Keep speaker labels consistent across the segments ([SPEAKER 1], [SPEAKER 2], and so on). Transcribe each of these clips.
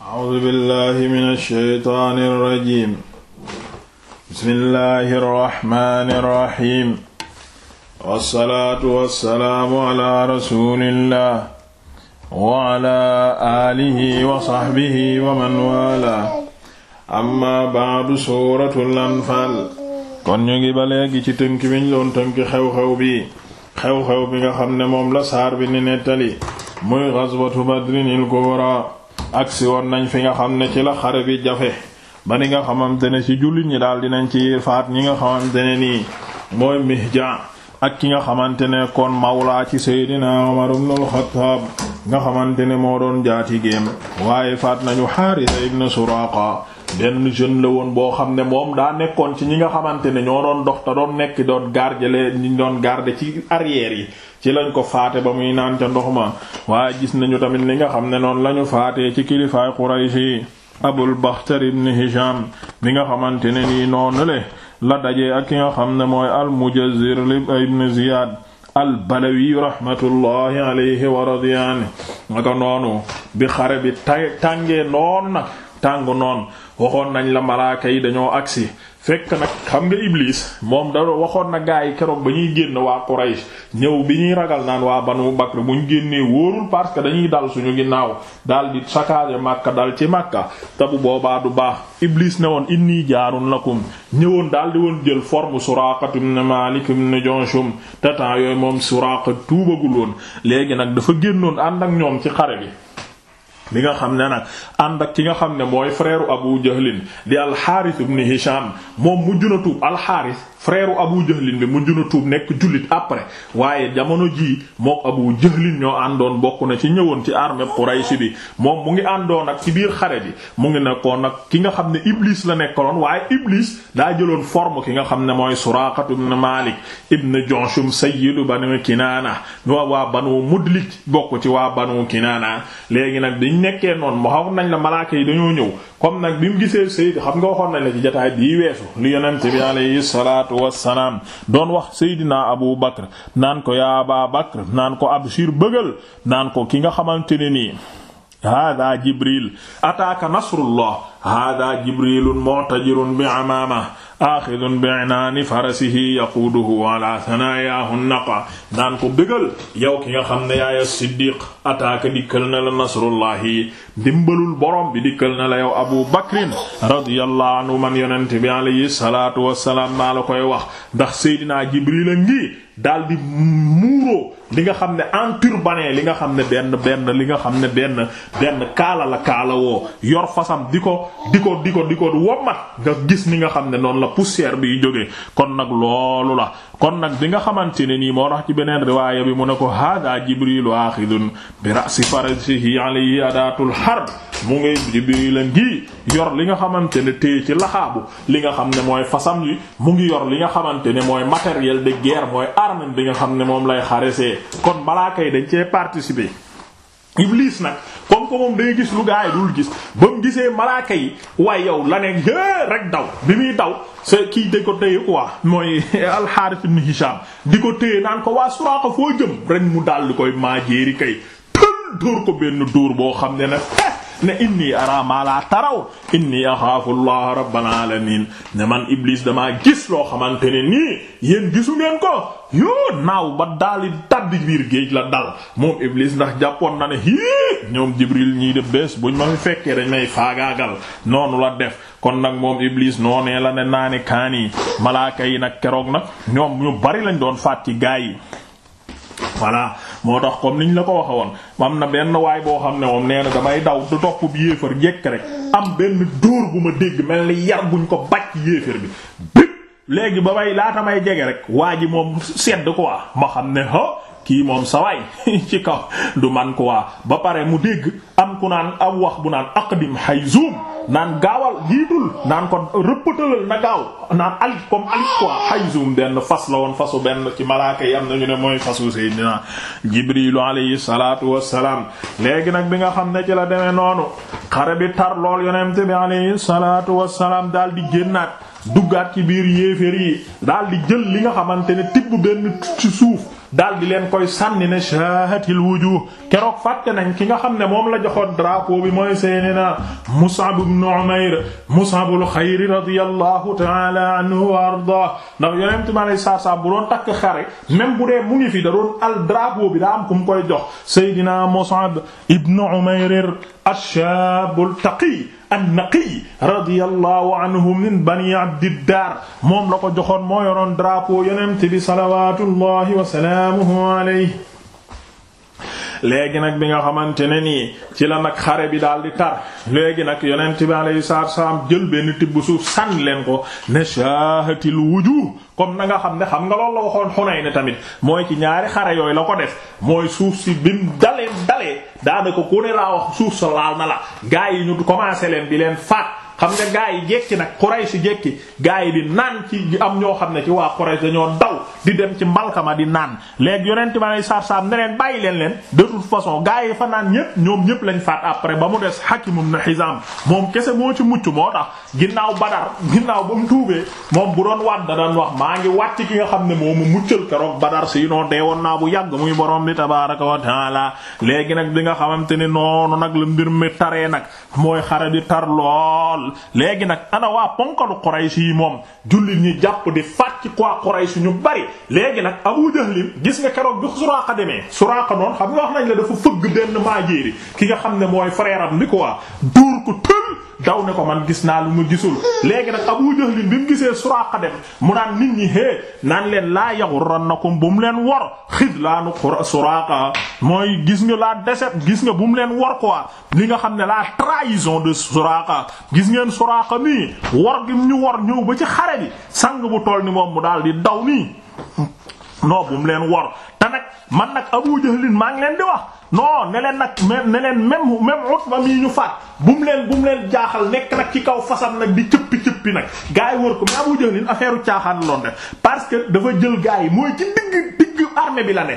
[SPEAKER 1] A'uuzu billaahi mina shaytaani rajiim. Bismillaahi rahmaani rahiim. Wassalaatu wassalaamu alaa rasuulillaah wa alaa aalihi wa sahbihi wa man waalaa. Amma ba'du suuratul Anfaal. Kon ñu ngi ba léegi ci tënk bi ñu doon tënk xew-xew bi xew-xew bi nga xam ne moom la saar bi ni nettali muy ghazwatu Badrin al-kubraa agsi woon nañ fi nga xam ne ci la xare bi jafe ba ni nga xamante ne ci jullit ñi daal dinañ ci faat ñi nga xamante ne nii mooy Mihjaan ak ki nga xamante ne kon mawlaa ci Seydina Umar ibn al-Khattab nga xamante ne moo doon jaati géem waaye faat nañu Haarisa ibn Suraaqa benn jeune la woon boo xam ne moom daa nekkoon ci ñi nga xamante ne ñoo doon dox te doon nekk doon garder ñi doon garder ci arrière yi ci lañ ko faate ba muy naan ca ndox ma waaye gis nañu tamit li nga xam ne noonu lañu faatee ci kilifaay Quraysh yi Abul Baxtar ibn Hisham bi nga xamante ne nii noonu le la dajee ak ki nga xam ne mooy al-Mujazzir ibn Ziyad al-Balawi rahmatullahi alayhi wa radiyaan naka noonu bi xare bi tàngee noon nag tàng noon waxoon nañ la malaaka yi dañoo agsi fekk nag xam nga Iblis moom da waxoon na gaa yi keroog ba ñuy génn waa Quraysh ñëw bi ñuy ragal naan waa Banu Bakr bu ñu génnee wóorul parce que dañuy dal suñu ginnaaw daal di saccage Makka dal ci màkka te bu boobaa du baax Iblis ne woon inni jaarun lakum ñëwoon daal di woon jël forme Suraaqa ibn Maalik ibn Junshum te temps yooyu moom Suraaqa tuubagul woon léegi nag dafa génnoon ànd ak ñoom ci xare bi. mi nga xam ne nag ànd ak ki nga xam ne mooy frère Abu Jahlin di alxaaris ibn Hisham moom mujj na tuub alxaaris frère abu jahlin bi mujj na tuub nekk jullit après waaye jamono jii mook abu jahlin ñoo àndoon bokk na ci ñëwoon ci armée Quraysh bi moom mu ngi àndoon ak ci biir xare bi mu ngi nekkoon nag ki nga xam ne iblis la nekkaloon waaye iblis daa jëloon forme ki nga xam ne mooy Suraqatu ibn Malik ibn Jushum sayyidu banu Kinaana wa waa banu Mudlik bokk ci waa banu Kinaana léegi nag dañ nekkee noonu mu xaw nañ la malaaka yi dañoo ñëw comme nag bi mu gisee sayyid xam nga waxoon nañ la ci jotaay bii weesu li yonent bi alayhi salaat salaatu wassalaam doon wax Seydina Abu Bakr naan ko yaa Bakr naan ko abshir bëggal naan ko ki nga xamante ne nii hada jibril ataaka nasrullah hada jibrilun mu'tajirun bi amaama axidun bi inaani farasihi yaquuduhu ala sanaayahu naqa naan ko bégal yow ki nga xam ne yaaya siddiq ataaka dikkal na la nasrullahi dimbalul borom bi dikkal na la yow abu bakrin radiyallahu anhu man yonent bi alayhi salaatu wassalaam maa la koy wax ndax seydinaa jibril a ngi daldi muuroo li nga xam ne enturbané li nga xam ne benn benn li nga xam ne benn benn kaala la kaala woo yor fasam di ko di ko di ko di ko wommat nga gis ni nga xam ne noonu la poussière bi jógee kon nag loolu la kon nag bi nga xamante ne nii moo tax ci beneen riwaaya bi mu ne ko hada jibrilu axidun bi ra'si farasihi alayhi adatul harb mu ngay jibril la ngi yor li nga xamante ne téye ci laxaabu li nga xam ne mooy fasam yi mu ngi yor li nga xamante ne mooy matériel de guerre mooy arme bi nga xam ne moom lay xaresee kon malaaka yi dañ cee participer Iblis nag comme que moom day gis lu gaa yi dul gis ba mu gisee malaaka yi waaye yow la ne rek daw bi muy daw sa kii da ko téye quoi mooy al-Harith ibn Hisham di ko téye naan ko waa Suraaqa foo jëm ren mu daal di koy maajeeri kay tën dóor ko benn dóor boo xam ne nag ne inni ara ma la taraw inni axaafu allah rabbal alamin ne man Iblis damaa gis loo xamante ne nii yéen gisu ngeen ko. yoo naaw ba daal di tàbbi biir géej la dal moom Iblis ndax jàppoon na ne hii ñoom Jibril ñii de bés buñ ma fi fekkee dañ may faagaagal noonu la def kon nag moom Iblis noonee la ne naa ne kaani malaaka yi nag keroog nag ñoom ñu bari lañ doon faat ci gaa yi voilà moo tax comme ñu la ko waxe woon am na benn waay boo xam ne moom nee na damay daw du topp bi yéefar jekk rek am benn dóor bu ma dégg mel ni yar buñ ko bàcc yéefar bi léegi ba may laata may jege rek waa ji moom sedd ko quoi ma xam ne ha kii moom sawaay ci kaw du man quoi ba pare mu dégg am ku naan am wax bu naan aqdim hayzum naan gaawal jiitul naan ko rëppatalal na gaaw naan alif comme alif quoi hayzum benn fas la woon fasu benn ci malaaka yi am nañu ne mooy fasu seydina jibrilu alayhi salatu wassalaam léegi nag bi nga xam ne ci la demee noonu xare bi tar lool yonent bi alayhi salatu wassalaam daal di génnaat duggaat ci biir yéeféer yi daal di jël li nga xamante ne tibb benn ci suuf daal di leen koy sànni ne shahatil wujuh keroog fàtte nañ ki nga xam ne moom la joxoon drapeau bi mooy seydina Mus'ab ibn Umayr Mus'abul xayri radiyallahu ta'ala anhu wa arda ndax yonente mi alei saatu salaam bu doon takk xare même bu dee mu ngi fi da doon al drapeau bi daa am ku mu koy jox seydina Mus'ab ibn Umayr ash-shabul taqi an-Naqi radiyallahu anhu min bani Abdiddaar moom la ko joxoon moo yoroon drapeau yonent bi salawaatullahi wa salaamuhu alayhi léegi nag bi nga xamante ne nii ci la nag xare bi daal di tar léegi nag yonent bi alayhi salaam jël benn tibb suuf sànni leen ko ne lu wujuh comme na nga xam ne xam nga loolu la waxoon ne tamit mooy ci ñaari xare yooyu la ko def mooy suuf si bim dalee dalee daanaka ku ne laa wax suuf sa laal na la gaa yi ñu commencé leen di leen faat. xam nga gaa yi jekki nag Quraysh jekki gaa yi di naan ci am ñoo xam ne ci waa Quraysh dañoo daw di dem ci mbalkama di naan léegi yonent ma lay sarsam ne bàyyi leen leen de toute façon yi fa naan ñépp ñoom ñépp lañ faat après ba mu des Hakim ibn Hizam moom kese moo ci mucc moo tax ginnaaw Badar ginnaaw ba mu moom bu doon waat da maa ngi wàcc ki nga xam ne moo mu muccal keroog Badar si non dee woon naa bu yàgg muy borom bi tabaaraka wa taala léegi nag bi nga xamante ni noonu nag la mbir mi nag mooy xare di tar lool xol léegi nag ana waa ponkalu Quraysh yi moom jullit ñi jàpp di faat ci quoi Quraysh ñu bari léegi nag Abu Jahl gis nga keroog bi Suraaqa demee Suraaqa noonu xam nga wax nañ la dafa fëgg benn maajeeri ki nga xam ne mooy frère am ni quoi duur ko tël daw ne ko man gis naa lu mu gisul léegi nag Abu Jahl bi mu gisee Suraaqa dem mu naan nit ñi hee naan leen laa yaghurrannakum bu mu leen wor xidlaanu Suraaqa mooy gis nga la déception gis nga bu mu leen wor ko li nga xam ne la trahison ngeen Suraaqa mii war gi ñu war ñëw ba ci xare bi sang bu toll ni moom mu daal di daw nii non bu mu leen war te nag man nag Abu Jahlin maa ngi leen di wax non ne leen nag ne leen même même Utba ñu faat bu mu leen bu mu leen jaaxal nekk nag ci kaw fasam nag di cëppi cëppi nag gars yi war ko mais Abu Jahlin caaxaan loon def parce que dafa jël gars yi mooy ci digg digg armée bi la ne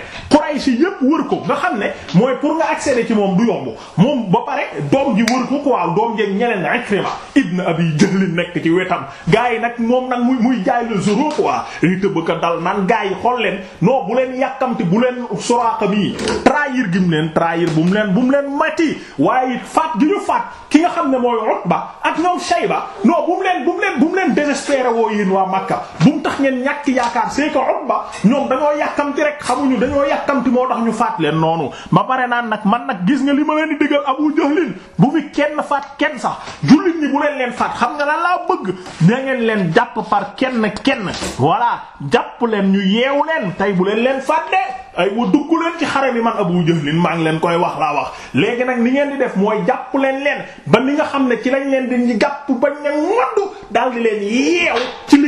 [SPEAKER 1] yépp wër ko nga xam ne mooy pour nga accéder ci moom du yomb moom ba pare doom ji wër ko quoi doom jeeg ñeneen Ikrima ibn Abi Jahl nekk ki wetam gaa yi nag moom nag muy muy jaay le zéro quoi li tëb dal naan gaa yi xool leen non bu leen yàkkamti bu leen Suraaqa mi trahir gi mu leen trahir bu mu leen bu mu leen mati waaye faat gi ñu faat ki nga xam ne mooy Utba ak ñoom Shayba ba bu mu leen bu mu leen bu mu waa Makka mu tax ngeen ñàkk yaakaar c'est que dañoo yàkkamti rek xamuñu dañoo yàkkamti moo tax ñu faat leen noonu ma pare naan nag man nag gis nga li ma leen di digal Abu Jahlin bu fi kenn faat kenn sax jullit ñi bu leen leen faat xam nga lan laa bëgg da ngeen leen jàpp par kenn kenn voilà jàpp leen ñu yeewu leen tey bu leen leen faat ay wa dugg leen ci xare bi man Abu Jahlin maa ngi leen koy wax laa wax léegi nag ni ngeen di def mooy jàpp leen leen ba ni nga xam ne ci lañ leen di jàpp bañ ne moddu daal leen yeew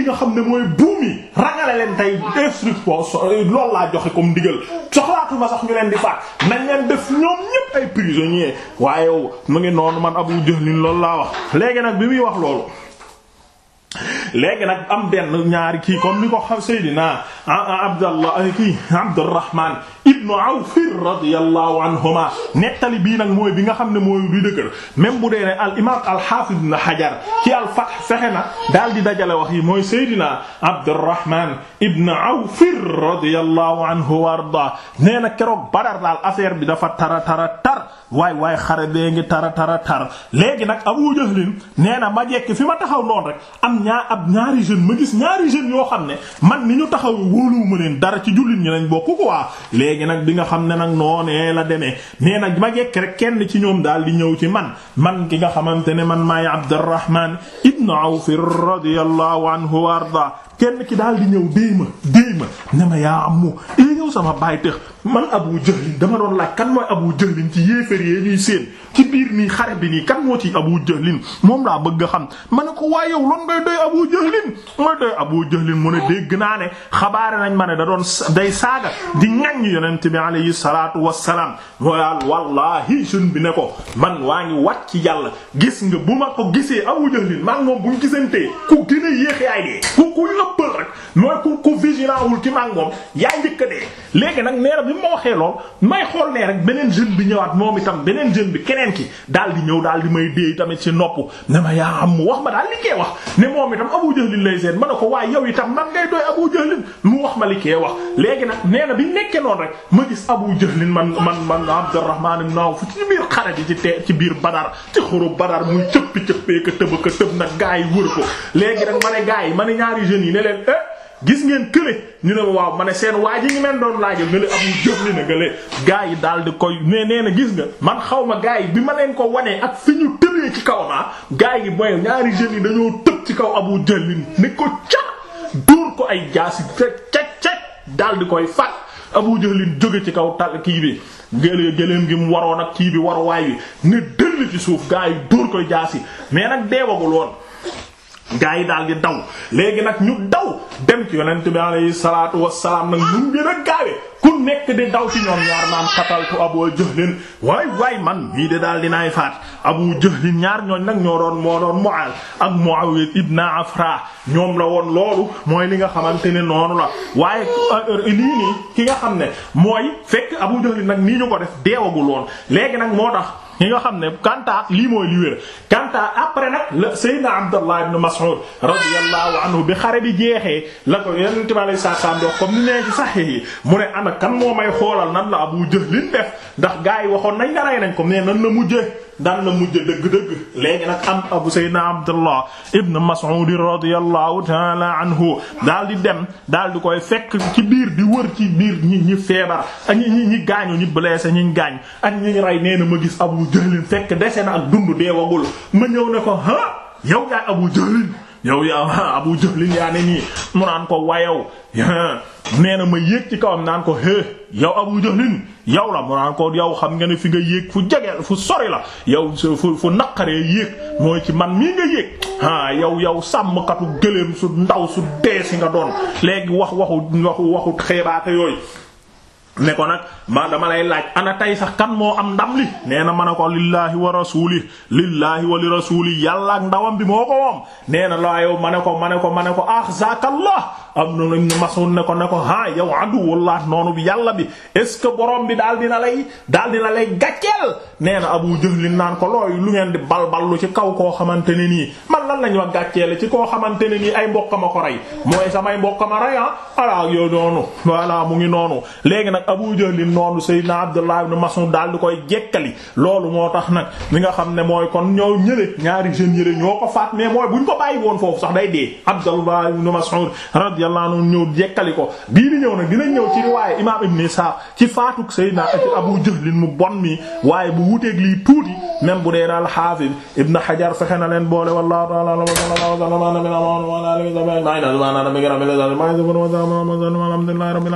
[SPEAKER 1] nga xam ne mooy buum yi rangale leen tey instruction eh, lool laa joxe comme ndigal soxlaatuma sax ñu leen di faat nañ leen def ñoom ñépp ay prisonniers waaye mu ngi noonu man Abu Jahl loolu laa wax léegi nag bi muy wax loolu léegi nag am benn ñaari kii comme ni ko xaw Seydina ah, ah, Abdallah kii Abdurrahman ibnu Awf radiyallahu anhuma nettali bii nag mooy bi nga xam ne mooy du dëgër même bu dee ne al imaam al haafid ibn Hajar ci al Fath fexe na daal di dajale wax yi mooy Seydina Abdurrahman ibnu Awf radiyallahu anhu wa ardaa nee na keroog Badar daal affaire bi dafa tara tara tar waay waay xare bee ngi tara tara tar léegi nag Abu Jahl nee na ma jekk fi ma taxaw noonu rek am ñaa ab ñaari jeune ma gis ñaari jeunes yoo xam ne man ni ñu taxaw wóoluwuma leen dara ci jullit ñi lañ bokk quoi léegi nag di nga xam ne nag noonee la demee nee nag ma jekk rek kenn ci ñoom daal di ñëw ci man man ki nga xamante ne man maay Abdurrahman ibn Awf radiyallahu anhu wa arda kenn ki daal di ñëw déy ma déy ma yaa am ee ñëw sama baay tëx man abu jahlin dama doon laaj kan mooy abu jahlin ci yéeféer yee ñuy seen ci biir nii xare bi nii kan moo ci abu jahlin moo laa bëgg xam ma ko waaye yow loon ngay doy abu jahlin mooy doy abu jahlin mu ne dégg naa ne xabaare nañ ma ne da doon day saaga di ŋaññ yonent bi alayhi salaatu wassalaam wal wallahi sun bi ne ko man waa ngi wat ci yàlla gis nga bu ma ko gisee abu jahlin maa moom buñ gisantee ku gën yéex yaay dee ëppal rek mooy ku ku vigilant wul ci màngoom yaa njëkk dee léegi nag nee na bi ma waxee lool may xool ne rek beneen jeune bi ñëwaat moom itam beneen jeune bi keneen ki dal di ñëw daal di may dee tamit ci nopp ne ma yaa am mu wax ma daal li kee wax ne moom itam Abu Jahl lay seen ma ne ko waaye yow itam nan ngay doy Abu Jahl mu wax ma li kee wax léegi nag nee bi nekkee noonu rek ma gis Abu Jahl man man man Abdurrahman ibn Awf ci biir xare bi ci ci biir Badar ci xuru Badar muy cëppi cëppee ka tëb gaa yi wër léegi nag ma ne gaa yi ma ne ñaari jeunes yi ne leen eh gis ngeen kële ñu ne waaw ma ne seen waa ji ñu leen doon laaja nga le amul jëf li na nga le gars yi daal di koy ne nee na gis nga man xaw ma gars bi ma leen ko wanee ak fi ñu tëbee ci kaw ma gars yi mooy ñaari jeunes yi dañoo tëb ci kaw abu jëlin ni ko ca dóor ko ay jaas ca ca ca daal koy fat abu jëlin jóge ci kaw tal kii bi gëlee gëleem gi mu waroon ak kii bi war waay wi ne dëll ci suuf gars yi dóor koy jaasi mais nag deewagul woon gaa yi daal daw léegi nag ñu daw dem ci yonent bi alayhi salaatu wassalaam nag ñun gën a gaawee ku nekk di daw ci ñoom ñaar naan xataltu abu jahlin waay waay man mii de daal dinaay faat abu jahlin ñaar ñooñ nag ñoo doon moo doon mu'al ak muawiya ibn afra ñoom la woon loolu mooy li nga xamante ne noonu la waaye euh, lii nii ki nga xam ne mooy fekk abu jahlin nag nii ñu ko def deewagul woon léegi nag moo tax ñi nga xam ne kanta lii mooy li wér kanta après nag la Seydina Abdallah ibn Mas'ud radiyallahu anhu bi xare bi jeexee la ko yenn tibaale saa saa ndox comme ni nee ci sax yi mu ne ana kan moo may xoolal nan la Abu Jahl def ndax gaa yi waxoon nañ nga rey nañ ko mais nan la mujjee. daan na mujj dëgg-dëgg léegi nag am abu sayyidina abdullah ibn mas'ud radiyallahu ta'ala anhu daal di dem daal di koy fekk ci biir di wër ci biir ñi ñi feebar ak ñi ñi ñi gaañu ñi blessé ñi gaañ ak ñi rey nee na ma gis abu jahlin fekk dese na ak dund deewagul ma ñëw ne ko ha yow yaay abu jahlin yow yaa Abu Jahlin yaa ne nii mu naan ko wayow nee na ma yéeg ci kawam naan ko hé yow Abu Jahlin yow la mu naan ko yow xam nga ne fi nga yéeg fu jege fu sori la yow fu fu naqaree yéeg mooy ci man mii nga yéeg ah yow yow sàmmkatu gëléem su ndaw su dee si nga doon léegi wax waxu waxu waxu xeebaate yooyu ne ko nag ma dama lay laaj ana tey sax kan moo am ndam li nee na mën a ko lillaahi wa rasuli lillaahi wa li rasuli yàlla ak ndawam bi moo ko moom nee na laa ma ne ko ma ne ko ma ne ko ah zakallah am na Ibn Mas'ud ne ko ne ko ah yow aduwullah noonu bi yàlla bi est ce que borom bi daal dina lay daal dina lay gàcceel nee na Abu Jahl naan ko looy lu ngeen di balballu ci kaw koo xamante ne nii man lan la ñu wax gàcceele ci koo xamante ne nii ay mbokk ma ko rey mooy samay mbokk ma rey ah ala yow noonu voilà mu ngi noonu léegi nag Abu Jahl noonu Seydina Abdullah ibn Mas'ud daal di koy jekkali loolu moo tax nag mi nga xam ne mooy kon ñoo ñële ñaari jeunes yële ñoo ko faat mais mooy buñ sax day radiyallahu anhu ñëw jekkali ko bii di ñëw nag dinañ ñëw ci riwaaye imaam ibn Isaaq ci faatuk Seydina Abu Jahl mu bon waaye bu wuteeg lii tuuti même bu dee daal Haafid ibn Hajar fexe na leen boole wallahu ta'ala